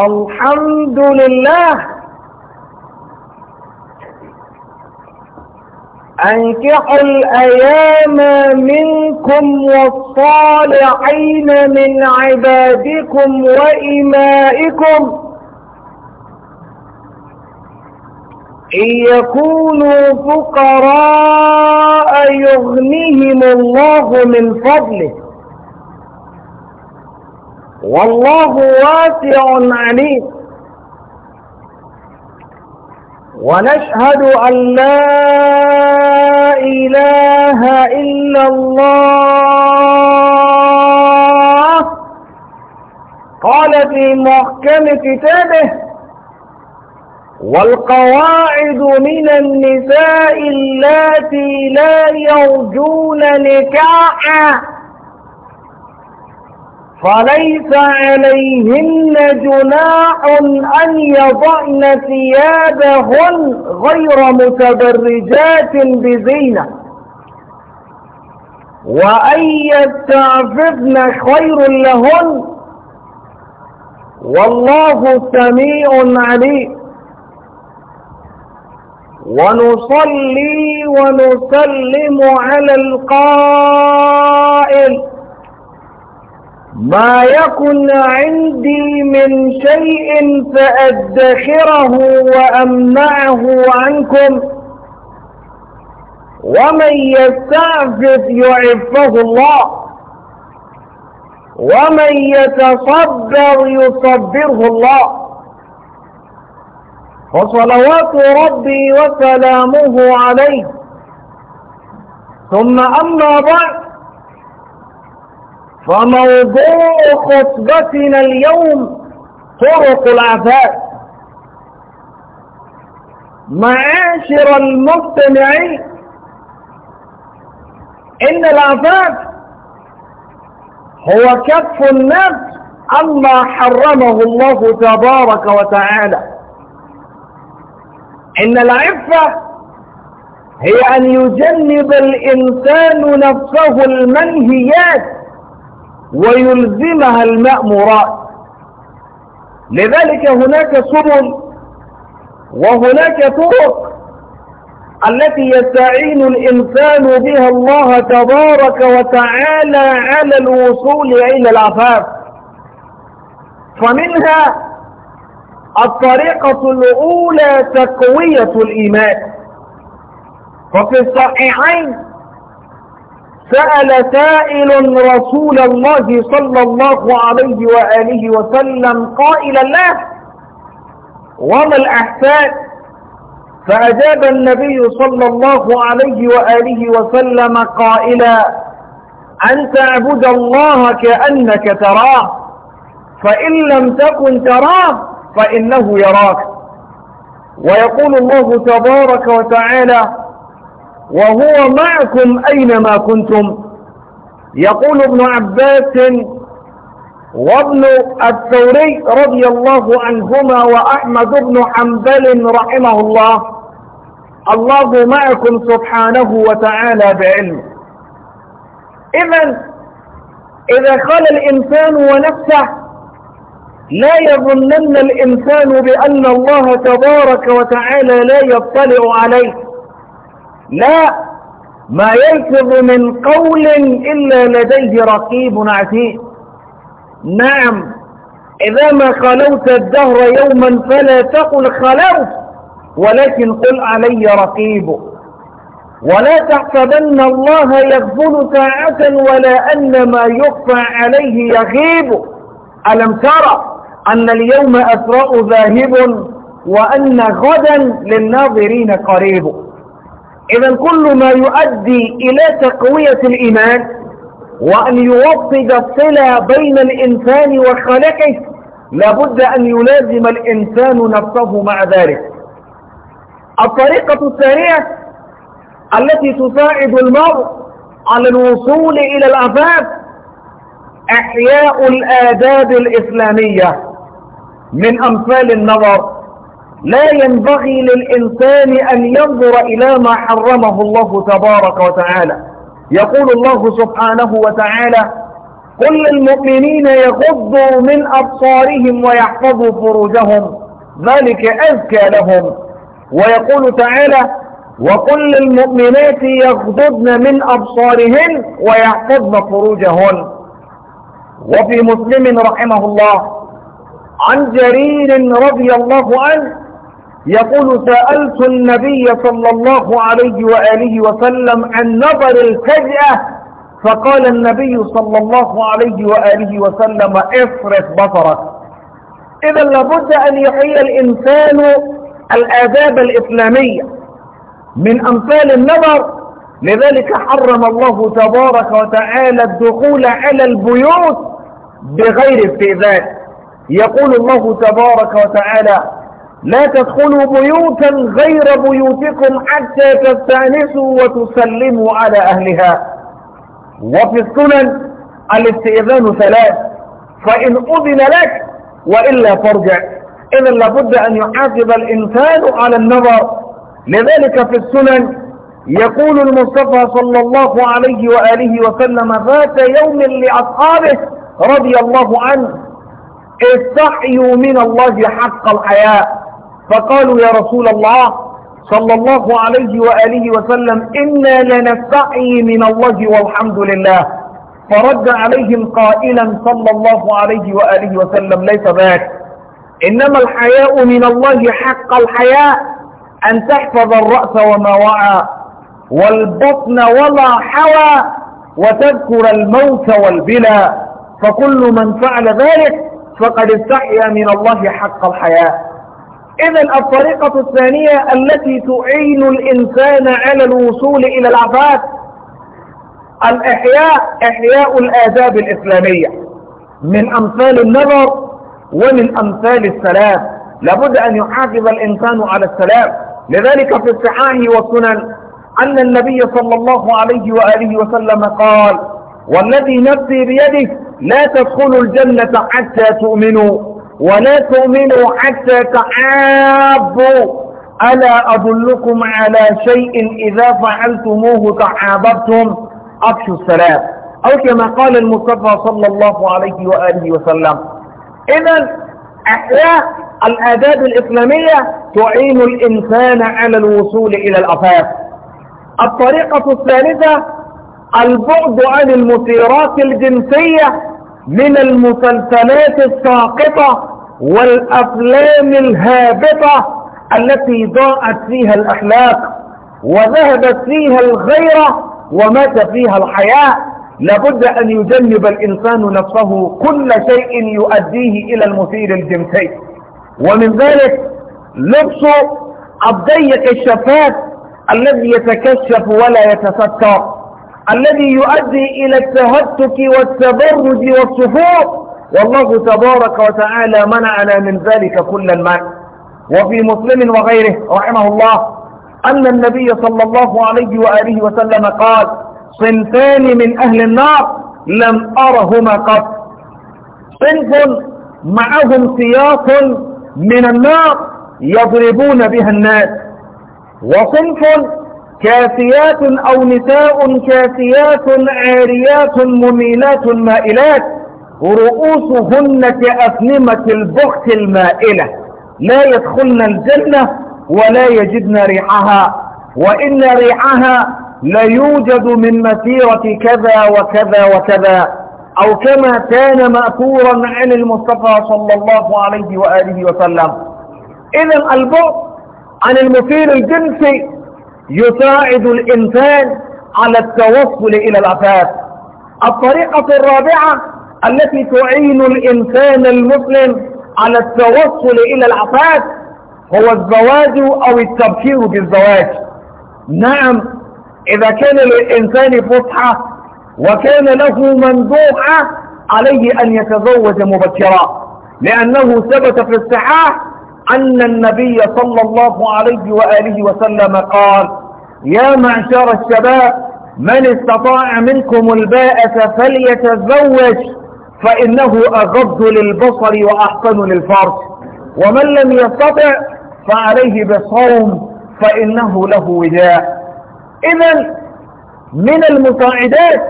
الحمد لله أنكحوا الأيام منكم والصالحين من عبادكم وإمائكم إن يكونوا فقراء يغنيهم الله من فضله والله واسع عليم ونشهد أن لا إله إلا الله قال في محكم كتابه والقواعد من النساء اللاتي لا يرجون نكاحا فليس عليهن جناح أن يضعن ثيابهن غير متبرجات بزينة وأن يستعففن خير لهن والله سميع عليم ونصلي ونسلم على القائل ما يكن عندي من شيء فأدخره وأمنعه عنكم ومن يستعفف يعفه الله ومن يتصبر يصبره الله وصلوات ربي وسلامه عليه ثم أما بعد فموضوع خطبتنا اليوم طرق العفاف معاشر المستمعين إن العفاف هو كف النفس عما حرمه الله تبارك وتعالى إن العفة هي أن يجنب الإنسان نفسه المنهيات ويلزمها المأمورات لذلك هناك سبل وهناك طرق التي يستعين الإنسان بها الله تبارك وتعالى على الوصول إلى العفاف فمنها الطريقة الأولى تقوية الإيمان وفي الصحيحين سأل سائل رسول الله صلى الله عليه وآله وسلم قائلا له وما الأحسان فأجاب النبي صلى الله عليه وآله وسلم قائلا أن تعبد الله كأنك تراه فإن لم تكن تراه فإنه يراك ويقول الله تبارك وتعالى وهو معكم أينما كنتم يقول ابن عباس وابن الثوري رضي الله عنهما وأحمد بن حنبل رحمه الله الله معكم سبحانه وتعالى بعلم إذا إذا قال الإنسان ونفسه لا يظنن الإنسان بأن الله تبارك وتعالى لا يطلع عليه لا ما يلفظ من قول إلا لديه رقيب عتيد نعم إذا ما خلوت الدهر يوما فلا تقل خلوت ولكن قل علي رقيب ولا تحسبن الله يغفل ساعة ولا أن ما يخفى عليه يغيب ألم ترى أن اليوم أسراء ذاهب وأن غدا للناظرين قريب إذا كل ما يؤدي إلى تقوية الإيمان وأن يوطد الصلة بين الإنسان وخلقه لابد أن يلازم الإنسان نفسه مع ذلك الطريقة الثانية التي تساعد المرء على الوصول إلى الأفاف إحياء الآداب الإسلامية من أمثال النظر لا ينبغي للإنسان أن ينظر إلى ما حرمه الله تبارك وتعالى يقول الله سبحانه وتعالى قل للمؤمنين يغضوا من أبصارهم ويحفظوا فروجهم ذلك أزكى لهم ويقول تعالى وقل المؤمنات يغضضن من أبصارهن ويحفظن فروجهن وفي مسلم رحمه الله عن جرير رضي الله عنه يقول سألت النبي صلى الله عليه وآله وسلم عن نظر الفجأة فقال النبي صلى الله عليه وآله وسلم افرس بصرك إذا لابد أن يحيي الإنسان الآداب الإسلامية من أمثال النظر لذلك حرم الله تبارك وتعالى الدخول على البيوت بغير استئذان يقول الله تبارك وتعالى لا تدخلوا بيوتا غير بيوتكم حتى تستأنسوا وتسلموا على أهلها وفي السنن الاستئذان ثلاث فإن أذن لك وإلا فارجع إذا لابد أن يحاسب الإنسان على النظر لذلك في السنن يقول المصطفى صلى الله عليه وآله وسلم ذات يوم لأصحابه رضي الله عنه استحيوا من الله حق الحياء فقالوا يا رسول الله صلى الله عليه وآله وسلم إنا لنستعي من الله والحمد لله فرد عليهم قائلا صلى الله عليه وآله وسلم ليس ذاك إنما الحياء من الله حق الحياء أن تحفظ الرأس وما وعى والبطن وما حوى وتذكر الموت والبلا فكل من فعل ذلك فقد استحيا من الله حق الحياء إذا الطريقة الثانية التي تعين الإنسان على الوصول إلى العفاف الإحياء إحياء الآداب الإسلامية من أمثال النظر ومن أمثال السلام لابد أن يحافظ الإنسان على السلام لذلك في الصحاح والسنن أن النبي صلى الله عليه وآله وسلم قال والذي نفسي بيده لا تدخلوا الجنة حتى تؤمنوا ولا تؤمنوا حتى تعابوا ألا أدلكم على شيء إذا فعلتموه تحاببتم أكشوا السلام أو كما قال المصطفى صلى الله عليه وآله وسلم إذا أحياء الآداب الإسلامية تعين الإنسان على الوصول إلى الأفاق الطريقة الثالثة البعد عن المثيرات الجنسية من المسلسلات الساقطة والأفلام الهابطة التي ضاءت فيها الأخلاق وذهبت فيها الغيرة ومات فيها الحياء لابد أن يجنب الإنسان نفسه كل شيء يؤديه إلى المثير الجنسي ومن ذلك لبس الضيق الشفاف الذي يتكشف ولا يتستر الذي يؤدي إلى التهتك والتبرج والسفوح والله تبارك وتعالى منعنا من ذلك كل الماء وفي مسلم وغيره رحمه الله أن النبي صلى الله عليه وآله وسلم قال صنفان من أهل النار لم أرهما قط صنف معهم سياط من النار يضربون بها الناس وصنف كاسيات أو نساء كاسيات عاريات مميلات مائلات رؤوسهن كأفنمة البخت المائلة لا يدخلن الجنة ولا يجدن ريحها وإن ريحها ليوجد من مسيرة كذا وكذا وكذا أو كما كان مأثورا عن المصطفى صلى الله عليه وآله وسلم إذا البعد عن المثير الجنسي يساعد الإنسان على التوصل إلى العفاف الطريقة الرابعة التي تعين الإنسان المسلم على التوصل إلى العفاف هو الزواج أو التبكير بالزواج نعم إذا كان للإنسان فتحة وكان له مندوحة عليه أن يتزوج مبكرا لأنه ثبت في الصحاح أن النبي صلى الله عليه وآله وسلم قال يا معشر الشباب من استطاع منكم الباءة فليتزوج فإنه أغض للبصر وأحسن للفرج ومن لم يستطع فعليه بصوم فإنه له وداء إذا من المساعدات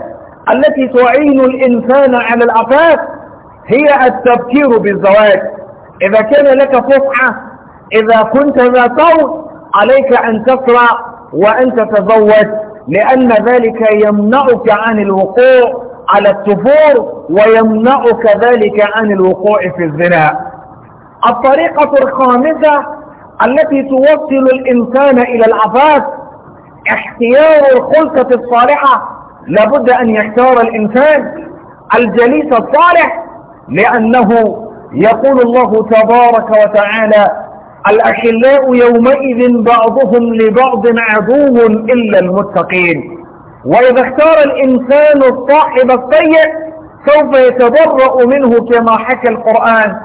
التي تعين الإنسان على العفاف هي التبكير بالزواج إذا كان لك فسحة إذا كنت ذا طول عليك أن تقرأ وأن تتزوج لأن ذلك يمنعك عن الوقوع على التفور ويمنعك ذلك عن الوقوع في الزنا الطريقة الخامسة التي توصل الإنسان إلى العفاف احتيار الخلقة الصالحة لابد أن يختار الإنسان الجليس الصالح لأنه يقول الله تبارك وتعالى الأخلاء يومئذ بعضهم لبعض عدو إلا المتقين وإذا اختار الإنسان الصاحب السيء سوف يتبرأ منه كما حكى القرآن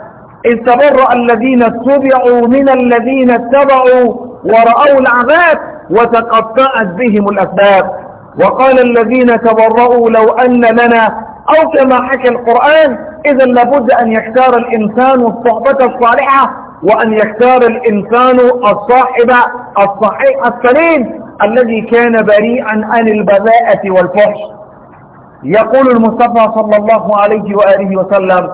إذ تبرأ الذين اتبعوا من الذين اتبعوا ورأوا العذاب وتقطعت بهم الأسباب وقال الذين تبرأوا لو أن لنا أو كما حكى القرآن إذا لابد أن يختار الإنسان الصحبة الصالحة وأن يختار الإنسان الصاحب الصحيح السليم الذي كان بريئا عن البذاءة والفحش يقول المصطفى صلى الله عليه وآله وسلم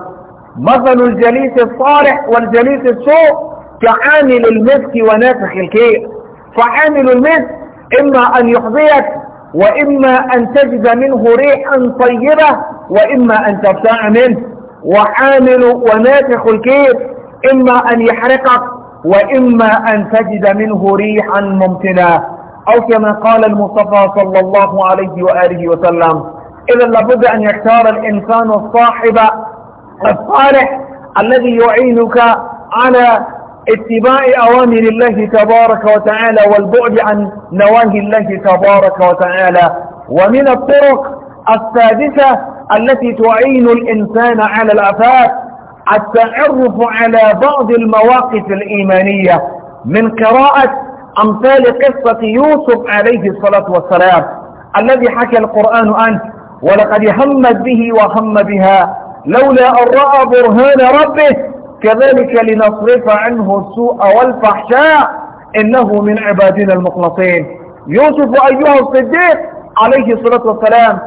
مثل الجليس الصالح والجليس السوء كعامل المسك ونافخ الكير فعامل المسك إما أن يحظيك وإما أن تجد منه ريحا طيبة وإما أن تبتاع منه وحامل وناسخ الكيف إما أن يحرقك وإما أن تجد منه ريحا ممتنا أو كما قال المصطفى صلى الله عليه وآله وسلم إذا لابد أن يختار الإنسان الصاحب الصالح الذي يعينك على اتباع أوامر الله تبارك وتعالى والبعد عن نواهي الله تبارك وتعالى ومن الطرق السادسة التي تعين الإنسان على الأفات التعرف على بعض المواقف الإيمانية من قراءة أمثال قصة يوسف عليه الصلاة والسلام الذي حكى القرآن عنه ولقد همت به وهم بها لولا أن رأى برهان ربه كذلك لنصرف عنه السوء والفحشاء إنه من عبادنا المخلصين يوسف أيها الصديق عليه الصلاة والسلام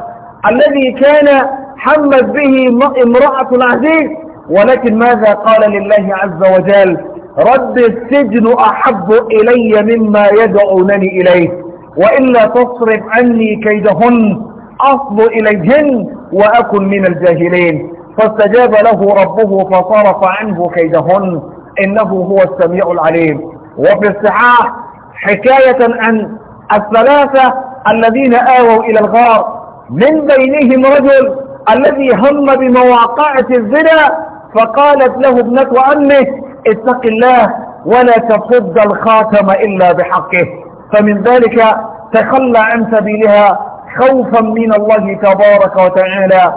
الذي كان حمت به امرأة العزيز ولكن ماذا قال لله عز وجل رد السجن أحب إلي مما يدعونني إليه وإلا تصرف عني كيدهن أصب إليهن وأكن من الجاهلين فاستجاب له ربه فصرف عنه كيدهن إنه هو السميع العليم وفي الصحاح حكاية عن الثلاثة الذين آووا إلى الغار من بينهم رجل الذي هم بمواقعة الزنا فقالت له ابنة أمه اتق الله ولا تفض الخاتم إلا بحقه فمن ذلك تخلى عن سبيلها خوفا من الله تبارك وتعالى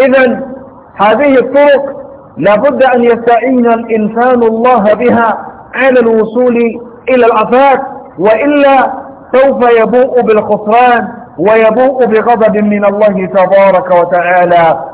إذا هذه الطرق لابد أن يستعين الإنسان الله بها على الوصول إلى العفاف وإلا سوف يبوء بالخسران ويبوء بغضب من الله تبارك وتعالى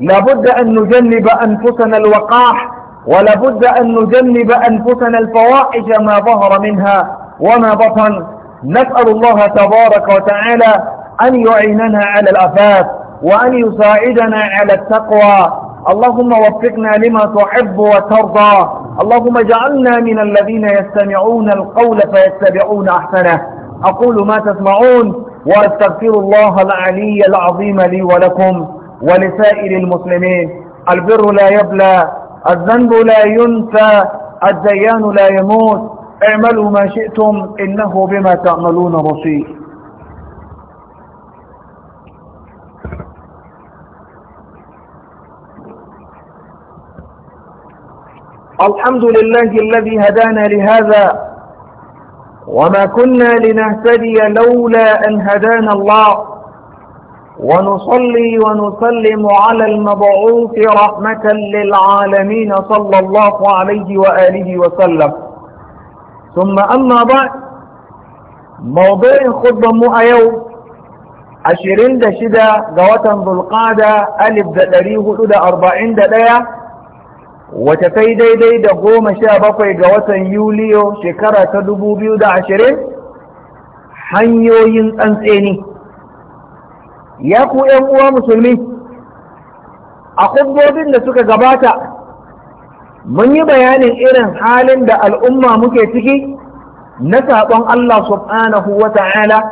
لابد أن نجنب أنفسنا الوقاح ولابد أن نجنب أنفسنا الفواحش ما ظهر منها وما بطن نسأل الله تبارك وتعالى أن يعيننا على الأفاف وأن يساعدنا على التقوى اللهم وفقنا لما تحب وترضى اللهم اجعلنا من الذين يستمعون القول فيتبعون أحسنه أقول ما تسمعون وأستغفر الله العلي العظيم لي ولكم ولسائر المسلمين البر لا يبلى الذنب لا ينسى الديان لا يموت اعملوا ما شئتم إنه بما تعملون بصير الحمد لله الذي هدانا لهذا وما كنا لنهتدي لولا أن هدانا الله ونصلي ونسلم على المبعوث رحمة للعالمين صلى الله عليه وآله وسلم ثم أما بعد موضوع خطبة مؤيو عشرين دا شدا ذو القادة ألف دا دريه دا أربعين دا wata sai daidai da goma sha bakwai ga watan yuliyo shekara ta dubu biyu da ashirin hanyoyin tsantseni ya ku ‘yan uwa musulmi a kubbobin da suka gabata mun yi bayanin irin halin da al'umma muke ciki na saɓon Allah subhanahu wa ta'ala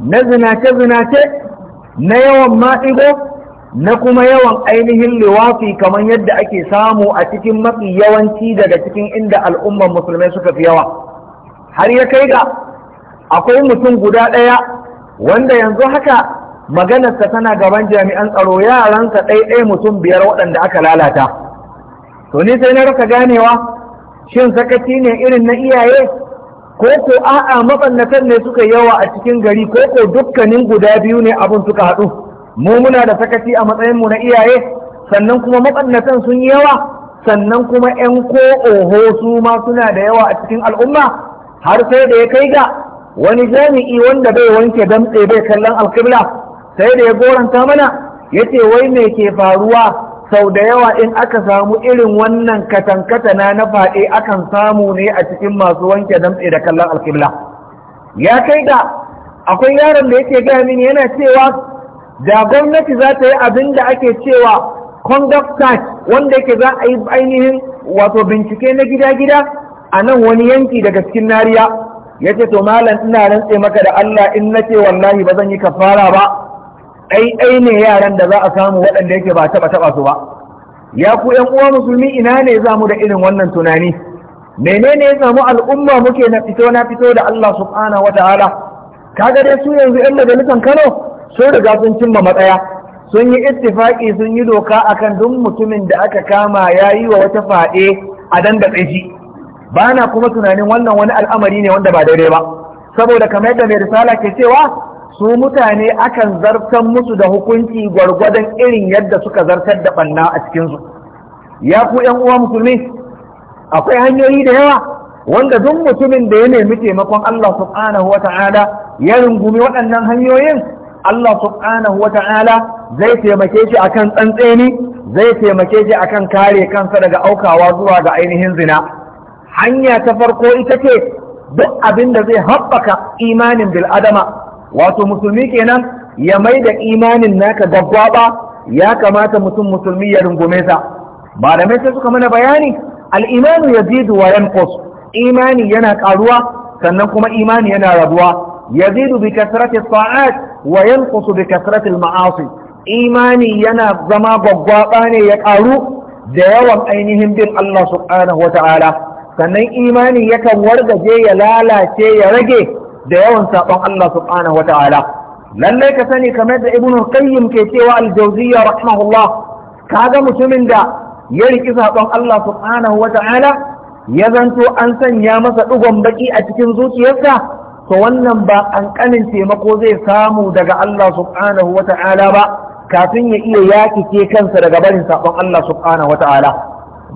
na zinace-zinace na yawan maɗigo na kuma yawan ainihin liwafi kamar yadda ake samu a cikin mafi yawanci daga cikin inda al'ummar musulmai suka fi yawa har ya kai ga akwai mutum guda ɗaya wanda yanzu haka maganarsa tana gaban jami'an tsaro yaransa ɗaiɗai mutum biyar waɗanda aka lalata to ni sai na rasa ganewa shin sakaci ne irin na iyaye ko ko a'a mabannatan ne suka yawa a cikin gari ko ko dukkanin guda biyu ne abin suka haɗu mu muna da sakaci a matsayin mu na iyaye sannan kuma matsannatan sun yi yawa sannan kuma ƴan ko oho su ma suna da yawa a cikin al'umma har sai da ya kai ga wani jami'i wanda bai wanke damtse bai kallon alƙibla sai da ya goranta mana ya ce wai me ke faruwa sau da yawa in aka samu irin wannan katankatana na faɗe akan samu ne a cikin masu wanke damtse da kallon alƙibla ya kai ga akwai yaron da yake gaya mini yana cewa da gwamnati za ta yi abin da ake cewa conduct wanda yake za a yi ainihin wato bincike na gida-gida a nan wani yanki daga cikin nariya ya ce to malam ina rantse maka da Allah in na ce wallahi ba zan yi kafara ba ai ai ne yaran da za a samu waɗanda yake ba taba taɓa su ba ya ku ƴan uwa musulmi ina ne za mu da irin wannan tunani menene ya samu al'umma muke na fito na fito da Allah subhanahu wataala kaga dai su yanzu ƴan majalisan Kano sun riga sun cimma matsaya sun yi ittifaki sun yi doka akan duk mutumin da aka kama ya yi wa wata faɗe a dandatse shi ba na kuma tunanin wannan wani al'amari ne wanda ba daidai ba saboda kamar yadda mai risala ke cewa su mutane akan zartar musu da hukunci gwargwadon irin yadda suka zartar da banna a cikinsu ya ku yan uwa musulmi akwai hanyoyi da yawa wanda duk mutumin da ya nemi taimakon Allah subhanahu wata'ala ta'ala ya rungumi waɗannan hanyoyin Allah subhanahu wa ta'ala zai taimake shi akan tsantseni zai taimake shi akan kare kansa daga aukawa zuwa ga ainihin zina hanya ta farko ita ce duk abin da zai haɓaka imanin bil'adama wato musulmi kenan ya mai da imanin naka gwaggwaɓa ya kamata mutum musulmi ya rungume sa malamai sai suka mana bayani al imanu yazidu wa yankus imani yana ƙaruwa sannan kuma imani yana rabuwa Yazidu zidu bi kasrati sa'at wa yanqusu bi kasratil ma'asi imani yana zama gwaggwaba ne ya ƙaru da yawan ainihin bin Allah subhanahu sannan imani yakan wargaje ya lalace ya rage da yawan sabon Allah subhanahu lallai ka sani kamar da ibnu qayyim ke cewa al-jawziyya rahimahullah kaga mutumin da ya riki sabon Allah subhanahu ya zanto an sanya masa ɗigon baƙi a cikin zuciyarsa to wannan ba an kanin taimako zai samu daga Allah subhanahu ba kafin ya iya ke kansa daga barin sabon Allah subhanahu wata'ala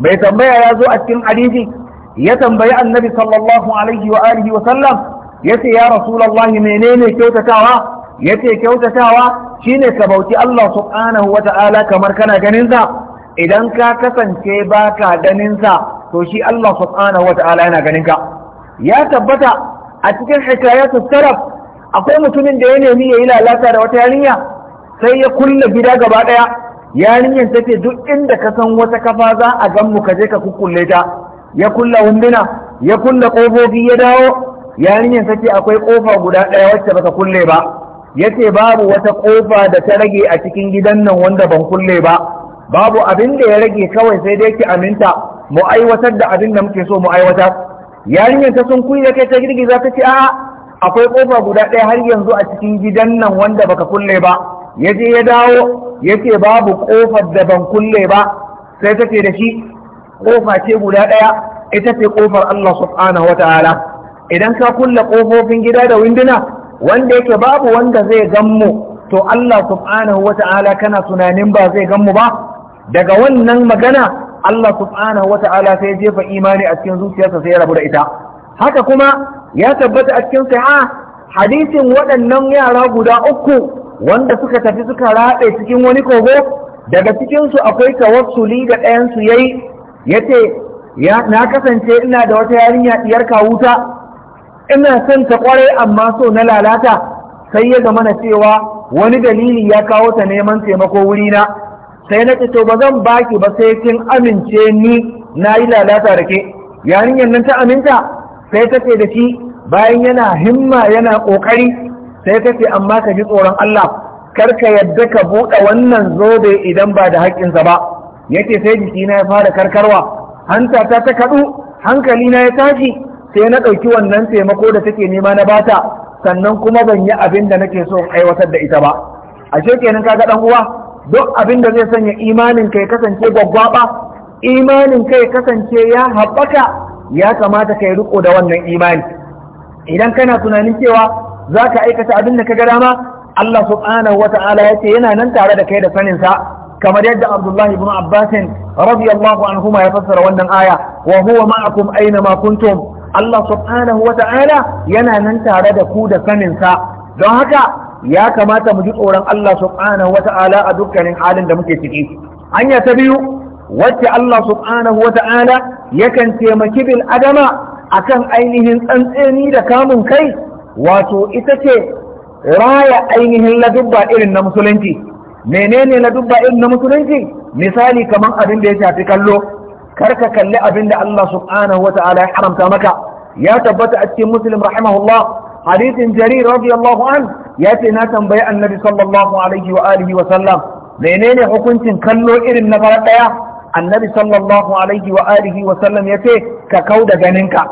bai tambaya ya zo a cikin hadisi ya tambayi annabi sallallahu alaihi wa alihi wa sallam yace ya rasulullahi menene kyautatawa yace kyautatawa shine ka bauti Allah subhanahu kamar kana ganin sa idan ka kasance baka ganin sa to shi Allah subhanahu wata'ala yana ganin ka ya tabbata a cikin hikayatu sarraf akwai mutumin da ya nemi ya yi lalata da wata yarinya sai ya kulle gida gaba ɗaya yarinyar ta ce duk inda ka san wata kafa za a gan mu ka je ka kukkulle ta ya kulle wunduna ya kulle ƙofofi ya dawo yarinyar ta ce akwai ƙofa guda ɗaya wacce baka kulle ba yace babu wata ƙofa da ta rage a cikin gidan nan wanda ban kulle ba babu abin da ya rage kawai sai dai ki aminta mu aiwatar da abin da muke so mu aiwatar yarinyar ta sun kuyi da kai ta girgiza ta ce a'a akwai kofa guda ɗaya har yanzu a cikin gidan nan wanda baka kulle ba ya je ya dawo ya ce babu kofar da ban kulle ba sai ta ce da shi kofa ce guda ɗaya ita ce kofar Allah subhanahu wa ta'ala idan ka kulle kofofin gida da winduna wanda yake babu wanda zai gan mu to Allah subhanahu wa ta'ala kana tunanin ba zai gan ba daga wannan magana Allah subhanahu wata'ala sai jefa imani a cikin zuciyarsa sai ya rabu da ita haka kuma ya tabbata a cikin sa'a hadisin waɗannan yara guda uku wanda suka tafi suka raɗe cikin wani kogo daga cikin su akwai tawassuli da ɗayan su yayi yace ya na kasance ina da wata yarinya diyar kawuta ina son ta kware amma so na lalata sai ya zama na cewa wani dalili ya kawo ta neman taimako wurina sai na to ba zan baki ba sai kin amince ni na yi lalata da ke yarinyar nan ta aminta sai ta ce da shi bayan yana himma yana ƙoƙari sai ta ce amma ka ji tsoron Allah kar ka yadda ka buɗe wannan zobe idan ba da haƙƙinsa ba yake sai jiki na ya fara karkarwa hanta ta ta kaɗu hankali na ya tashi sai na ɗauki wannan taimako da take nema na bata sannan kuma ban yi abin da nake so aiwatar da ita ba ashe kenan kaga ɗan uwa duk abin da zai sanya imanin ka ya kasance gwaggwaba imanin ka ya kasance ya haɓaka ya kamata ka yi riko da wannan imani idan kana tunanin cewa za ka aikata abin da ka ga dama Allah subhanahu wata'ala ya ce yana nan tare da kai da saninsa kamar yadda Abdullahi ibn Abbas radiyallahu anhuma ya fassara wannan aya wa huwa ma'akum aina ma kuntum Allah subhanahu wata'ala yana nan tare da ku da sanin sa don haka ya kamata mu ji tsoron Allah subhanahu wata'ala a dukkanin halin da muke ciki hanya ta biyu wacce Allah subhanahu wata'ala yakan taimaki bil adama akan ainihin tsantseni da kamun kai wato ita ce raya ainihin ladubba irin na musulunci menene ladubba irin na musulunci misali kamar abin da ya shafi kallo kar ka kalli abin da Allah subhanahu wata'ala ya haramta maka ya tabbata a cikin muslim rahimahullah hadisin jarir radiyallahu an ya ce na tambayi annabi sallallahu alaihi wa alihi wa sallam menene hukuncin kallo irin na farar daya annabi sallallahu alaihi wa alihi wa sallam ya ce ka kau da ganinka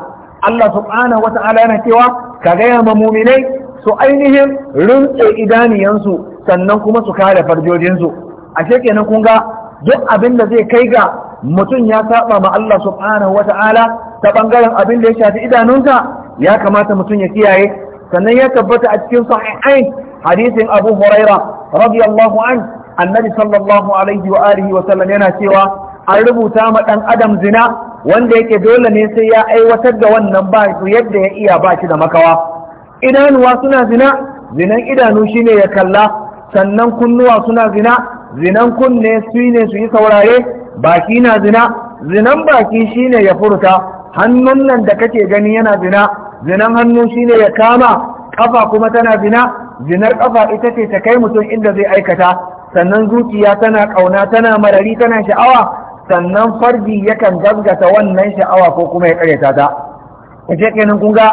Allah subhanahu wa ta'ala yana cewa ka gaya ma muminai su ainihin rintse idaniyansu sannan kuma su kare farjojinsu ashe kenan kun ga duk abin da zai kai ga mutum ya saba ma Allah subhanahu wa ta'ala ta bangaren abin da ya shafi idanunka? ya kamata mutum ya kiyaye sannan ya tabbata a cikin sahihain hadisin Abu Huraira radiyallahu an annabi sallallahu alaihi wa alihi wa sallam yana cewa an rubuta ma dan adam zina wanda yake dole ne sai ya aiwatar da wannan ba yadda ya iya ba shi da makawa idanuwa suna zina zinan idanu shine ya kalla sannan kunnuwa suna zina zinan kunne su ne su yi saurare baki na zina zinan baki shine ya furta hannun nan da kake gani yana zina zinan hannu shine ya kama kafa kuma tana zina zinar kafa ita ce ta kai mutum inda zai aikata sannan zuciya tana kauna tana marari tana sha'awa sannan farji yakan gaskata wannan sha'awa ko kuma ya karyata ta kace kenan kun ga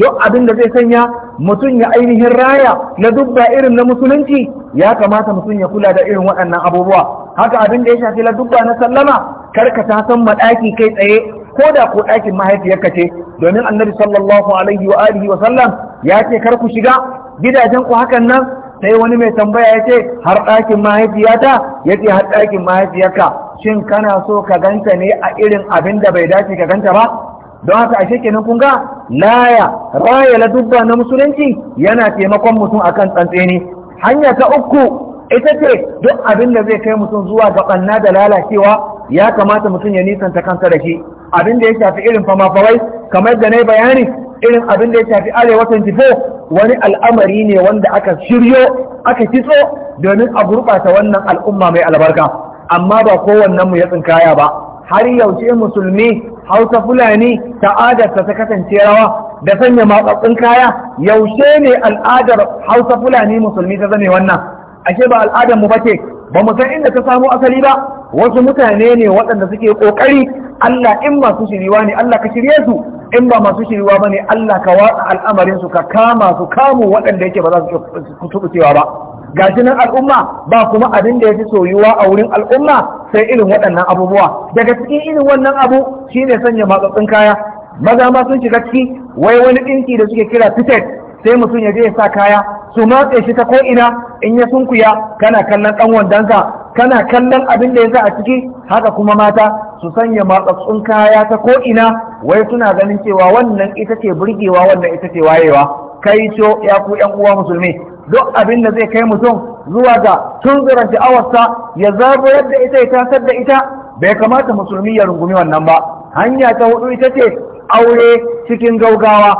duk abin da zai sanya mutum ya ainihin raya na dubba irin na musulunci ya kamata mutum ya kula da irin waɗannan abubuwa haka abin da ya shafi la dubba na sallama karka ta san madaki kai tsaye ko da ko ɗakin mahaifiyarka ce domin annabi sallallahu alaihi wa alihi wa sallam ya ce kar ku shiga gidajen ku hakan nan sai wani mai tambaya ya ce har ɗakin mahaifiyata ya ce har ɗakin mahaifiyarka shin kana so ka ganta ne a irin abin da bai dace ka ganta ba don haka ashe kenan kun ga laya raya la dubba na musulunci yana taimakon mutum akan tsantseni hanya ta uku ita ce duk abin da zai kai mutum zuwa ga ɓanna da lalacewa ya kamata mutum ya nisanta kansa da shi abin da ya shafi irin famafawai kamar da na bayani irin abin da ya shafi arewa tifo wani al'amari ne wanda aka shiryo aka kitso domin a gurɓata wannan al'umma mai albarka amma ba kowannen mu ya tsinkaya ba har yaushe musulmi hausa fulani ta'adarsa ta kasance rawa da sanya matsatsin kaya yaushe ne al'adar hausa fulani musulmi ta zame wannan ashe ba al'adar mu bace ba mu san inda ta samo asali ba wasu mutane ne waɗanda suke ƙoƙari Allah in masu shiriwa ne Allah ka shirye su in ba masu shiriwa ba ne Allah ka watsa al'amarin su ka kama su kamu waɗanda yake ba za su cewa ba gashi nan al'umma ba kuma abin da ya fi soyuwa a wurin al'umma sai irin waɗannan abubuwa daga cikin irin wannan abu shine sanya matsatsin kaya maza ma sun shiga ciki wai wani ɗinki da suke kira fitet sai mutum ya je ya sa kaya su matse shi ta ko'ina in ya sunkuya kana kallon ɗan wandansa kana kallon abin da ya yasa a ciki haka kuma mata su sanya matsatsun kaya ta ko'ina, wai suna ganin cewa wannan ita ce burgewa wannan ita ce wayewa kai co ya ku yan uwa musulmi duk abin da zai kai mutum zuwa ga tunzuran sha'awarsa ya zabo yadda ita ya tasar da ita bai kamata musulmi ya rungumi wannan ba hanya ta hudu ita ce aure cikin gaugawa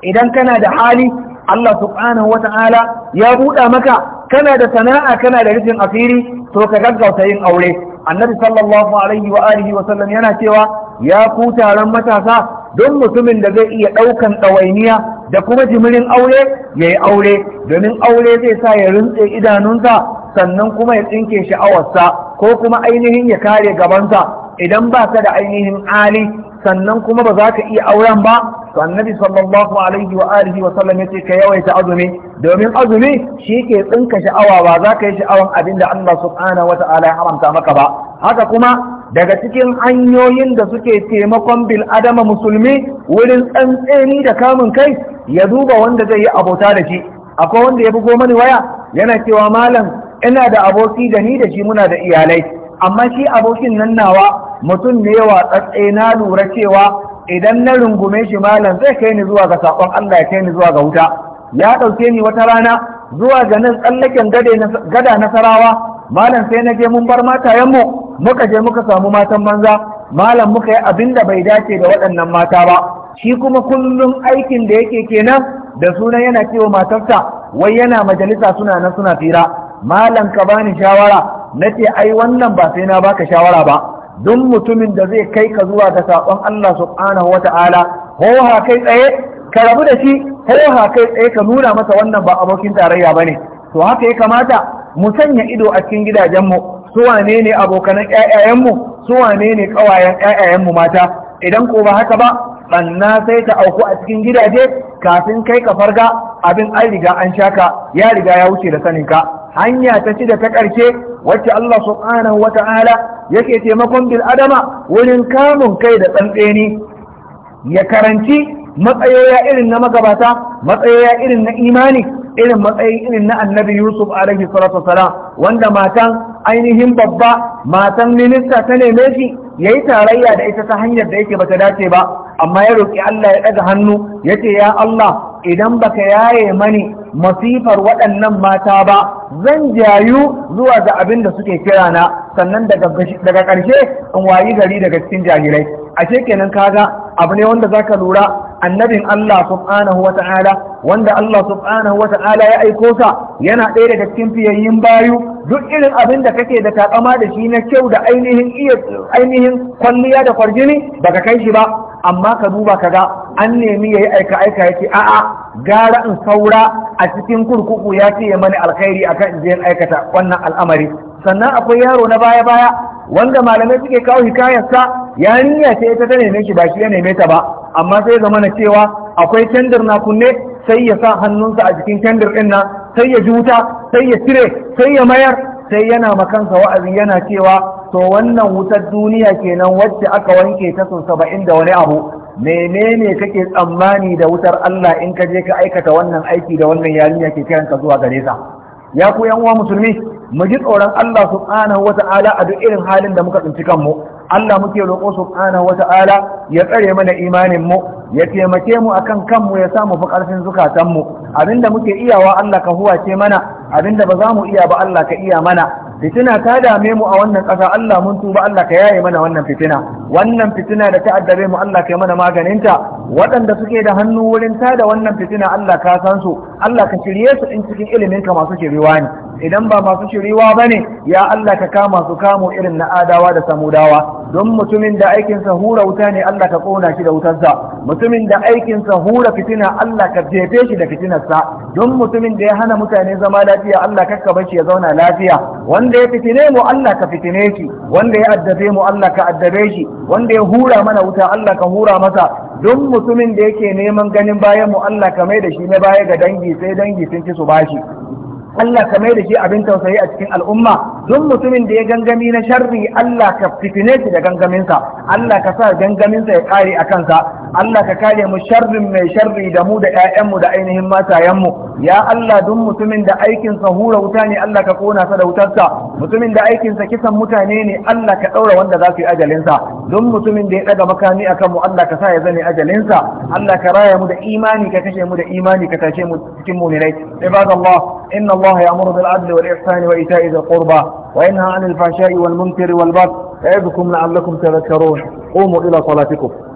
idan kana da hali Allah subhanahu wata'ala ya buɗa maka kana da sana'a kana da rufin asiri to ka gaggauta yin aure annabi sallallahu alaihi wa alihi wa sallam yana cewa ya ku taron matasa don mutumin da zai iya ɗaukan ɗawainiya da kuma jimirin aure ya yi aure domin aure zai sa ya rintse idanunsa sannan kuma ya tsinke sha'awarsa ko kuma ainihin ya kare gabansa idan ba ka da ainihin ali sannan kuma ba za ka iya auren ba to annabi sallallahu alaihi wa alihi wa sallam yace ka yawaita azumi domin azumi shi ke tsinka sha'awa ba za ka yi sha'awan abin da Allah subhanahu wa ta'ala ya haramta maka ba haka kuma daga cikin hanyoyin da suke taimakon bil adama musulmi wurin tsantseni da kamun kai ya duba wanda zai yi abota da shi akwai wanda ya bugo mani waya yana cewa malam ina da aboki da ni da shi muna da iyalai amma shi abokin nan nawa mutum ne watsatse na lura cewa idan na rungume shi malam zai kai ni zuwa ga sakon Allah ya kai ni zuwa ga wuta ya ɗauke ni wata rana zuwa ga nan tsallaken gada nasarawa malam sai na je mun bar matayenmu muka je muka samu matan banza malam muka yi abin da bai dace da waɗannan mata ba shi kuma kullum aikin da yake kenan da sunan yana cewa matarsa wai yana majalisa suna nan suna fira malam ka bani shawara na ce ai wannan ba sai na baka shawara ba duk mutumin da zai kai ka zuwa ga sabon Allah subhanahu wata'ala hoha kai tsaye ka rabu da shi hoha kai tsaye ka nuna masa wannan ba abokin tarayya ba ne, to haka ya kamata mu sanya ido a cikin gidajenmu su wane ne abokanan ƴaƴayenmu su wane ne ƙawayen mu mata idan ko ba haka ba banna sai ta auku a cikin gidaje kafin kai ka farga abin an riga an shaka ya riga ya wuce da saninka hanya ta ci da ta ƙarshe wacce Allah subhanahu wa ta'ala yake taimakon bil adama wurin kamun kai da tsantseni ya karanci matsayoya irin na magabata matsayoya irin na imani irin matsayi irin na annabi yusuf alaihi salatu wanda matan ainihin babba matan minista ta neme shi yayi tarayya da ita ta hanyar da yake bata dace ba amma ya roƙi Allah ya ɗaga hannu ya ce ya Allah idan baka yaye mani masifar waɗannan mata ba zan jayu zuwa ga abin da suke kira na sannan daga ƙarshe in wayi gari daga cikin jahilai ashe kenan kaga abu ne wanda zaka lura annabin Allah subhanahu wa ta'ala wanda Allah subhanahu wa ta'ala ya aiko sa yana ɗaya daga cikin fiyayyin bayu duk irin abin da kake da takama da shi na kyau da ainihin iya ainihin kwalliya da kwarjini baka kai shi ba amma ka duba ka ga an nemi yayi aika aika yake a'a gara in saura a cikin kurkuku ya ce mani alkhairi akan kan je aikata wannan al'amari sannan akwai yaro na baya baya wanda malamai suke kawo hikayarsa yarinya ce ita ta neme shi ba shi ya neme ta ba amma sai ya zamana cewa akwai kendir na kunne sai ya sa hannunsa a jikin kendir din nan sai ya juta sai ya cire sai ya mayar sai yana makansa wa'azi yana cewa to wannan wutar duniya kenan wacce aka wanke ta sau saba'in da wani abu menene kake tsammani da wutar Allah in ka je ka aikata wannan aiki da wannan yarinya ke ka zuwa gare sa ya ku yan uwa musulmi mu ji tsoron Allah subhanahu wata'ala a duk irin halin da muka tsinci kanmu Allah muke roƙo subhanahu wata'ala ya tsare mana imanin mu ya taimake mu akan kanmu ya samu fi ƙarfin zukatan mu abinda muke iyawa Allah ka huwace mana abinda ba za mu iya ba Allah ka iya mana fitina ta dame mu a wannan ƙasa Allah mun tuba Allah ka yaye mana wannan fitina wannan fitina da ta addabe mu Allah ka yi mana maganinta waɗanda suke da hannu wurin ta da wannan fitina Allah ka san su Allah ka shirye su in cikin ilimin ka masu shiriwa ne idan ba masu shiriwa bane ya Allah ka kama su kamo irin na adawa da samudawa don mutumin da aikinsa hura wuta ne Allah ka kona shi da wutarsa mutumin da aikinsa hura fitina Allah ka jefe shi da fitinarsa don mutumin da ya hana mutane zama lafiya Allah ka bar shi ya zauna lafiya wanda ya fitine mu Allah ka fitine shi wanda ya addabe mu Allah ka addabe shi wanda ya hura mana wuta Allah ka hura masa duk mutumin da yake neman ganin bayan mu Allah ka mai da shi na baya ga dangi sai dangi sun ci su bashi Allah ka mai da shi abin tausayi a cikin al'umma duk mutumin da ya gangami na sharri Allah ka fitine shi da gangaminsa Allah ka sa gangaminsa ya kare a kansa Allah ka kare mu sharrin mai sharri da mu da ƴaƴanmu da ainihin matayenmu ya Allah duk mutumin da aikinsa hura wuta ne Allah ka kona sa da wutarsa mutumin da aikinsa kisan mutane ne Allah ka ɗaura wanda za su yi ajalinsa duk mutumin da ya ɗaga makami a kanmu Allah ka sa ya zane ajalinsa Allah ka raya mu da imani ka kashe mu da imani ka tashe mu cikin muminai ibadallah inna Allah ya'muru bil adli wal ihsani wa ita'i dhil وينهى عن الفحشاء والمنكر والبغي يعظكم لعلكم تذكرون قوموا إلى صلاتكم